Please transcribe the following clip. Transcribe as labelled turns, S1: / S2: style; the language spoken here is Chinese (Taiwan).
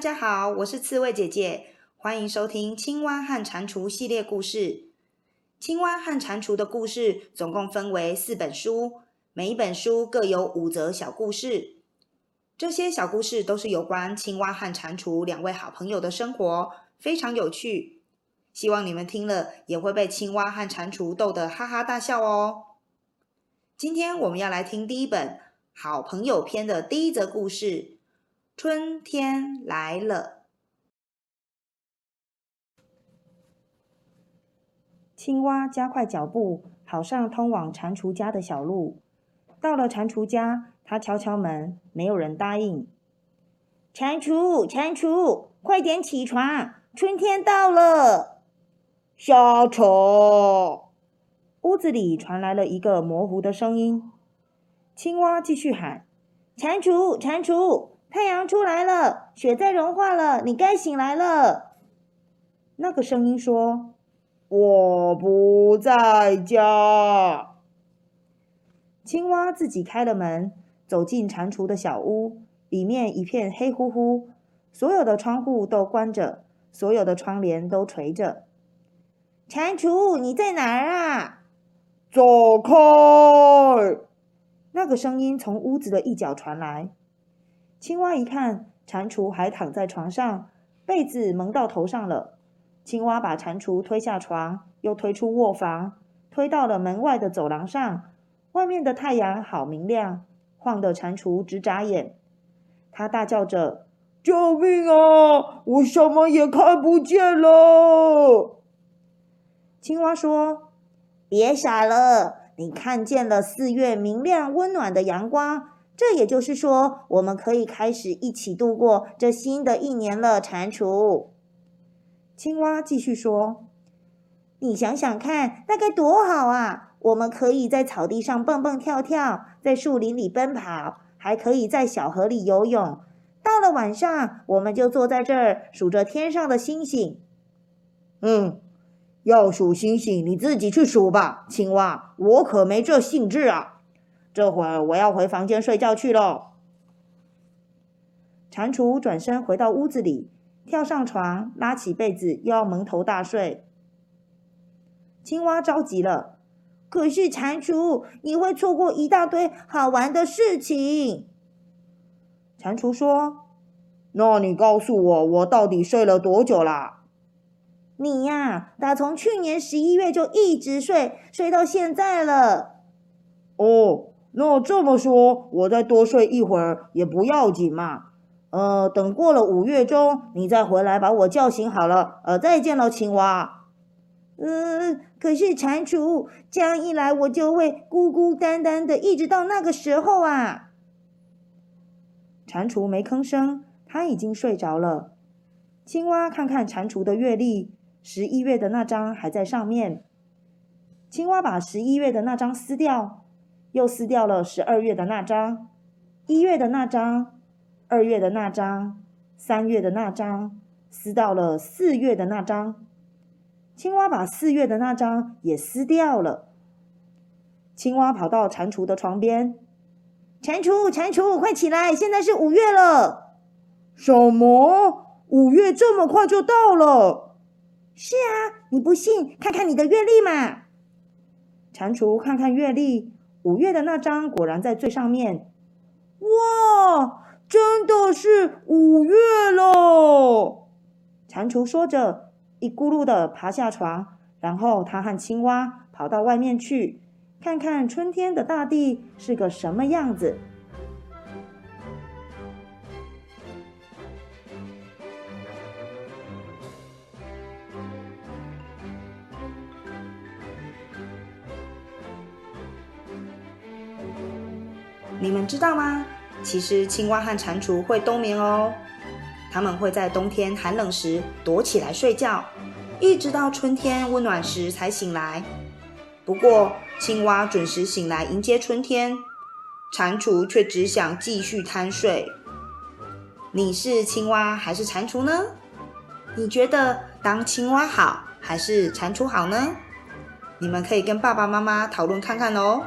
S1: 大家好，我是刺蝟姐姐，歡迎收聽《青蛙和蟾蜍》系列故事。青蛙和蟾蜍的故事總共分為四本書，每一本書各有五則小故事。這些小故事都是有關青蛙和蟾蜍兩位好朋友的生活，非常有趣。希望你們聽了也會被青蛙和蟾蜍逗得哈哈大笑哦。今天我們要來聽第一本《好朋友篇》的第一則故事。春天來了，青蛙加快腳步，跑上通往蟾蜍家的小路。到了蟾蜍家，它敲敲門，沒有人答應。蟾蜍，蟾蜍，快點起床，春天到了！小吵車！屋子裡傳來了一個模糊的聲音。青蛙繼續喊：蟾蜍，蟾蜍！太陽出來了，雪在融化了，你該醒來了。那個聲音說：“我不在家。”青蛙自己開了門，走進蟾蜍的小屋，裡面一片黑乎乎，所有的窗戶都關着，所有的窗簾都垂着。蟾蜍，你在哪兒啊？走開！那個聲音從屋子的一角傳來。青蛙一看，蟾蜍還躺在床上，被子蒙到頭上了。青蛙把蟾蜍推下床，又推出臥房，推到了門外的走廊上。外面的太陽好明亮，晃得蟾蜍直眨眼。他大叫着：“救命啊！我什麼也看不見了！”青蛙說：“別傻了，你看見了四月明亮溫暖的陽光。”這也就是說，我們可以開始一起度過這新的一年了。蟾蜍、青蛙繼續說：“你想想看，那該多好啊！我們可以在草地上蹦蹦跳跳，在樹林裡奔跑，還可以在小河裡游泳。到了晚上，我們就坐在這兒數着天上的星星。”“嗯，要數星星，你自己去數吧，青蛙，我可沒這興致啊。”這會兒我要回房間睡覺去囉。蟾蜍轉身回到屋子裡，跳上床，拉起被子，又要蒙頭大睡。青蛙着急了：“可是蟾蜍，你會錯過一大堆好玩的事情。”蟾蜍說：“那你告訴我，我到底睡了多久啦？”“你呀、啊，打從去年十一月就一直睡，睡到現在了。”“哦。”那這麼說，我再多睡一會兒也不要緊嘛。呃，等過了五月中，你再回來把我叫醒好了。呃，再見了，青蛙。呃，可是蟾蜍，這樣一來我就會孤孤單單的，一直到那個時候啊。蟾蜍沒吭聲，他已經睡着了。青蛙看看蟾蜍的月曆，十一月的那張還在上面。青蛙把十一月的那張撕掉。又撕掉了十二月的那張，一月的那張，二月的那張，三月的那張，撕到了四月的那張。青蛙把四月的那張也撕掉了。青蛙跑到蟾蜍的床邊：“蟾蜍，蟾蜍，快起來！現在是五月了。”“什麼？五月這麼快就到了？”“是啊，你不信，看看你的月曆嘛。”蟾蜍看看月曆。五月的那張果然在最上面，哇，真的是五月了！蟾蜍說着，一咕嚕地爬下床，然後他和青蛙跑到外面去，看看春天的大地是個什麼樣子。你們知道嗎？其實青蛙和蟾蜍會冬眠哦，它們會在冬天寒冷時躲起來睡覺，一直到春天溫暖時才醒來。不過，青蛙準時醒來迎接春天，蟾蜍卻只想繼續貪睡。你是青蛙還是蟾蜍呢？你覺得當青蛙好還是蟾蜍好呢？你們可以跟爸爸媽媽討論看看哦。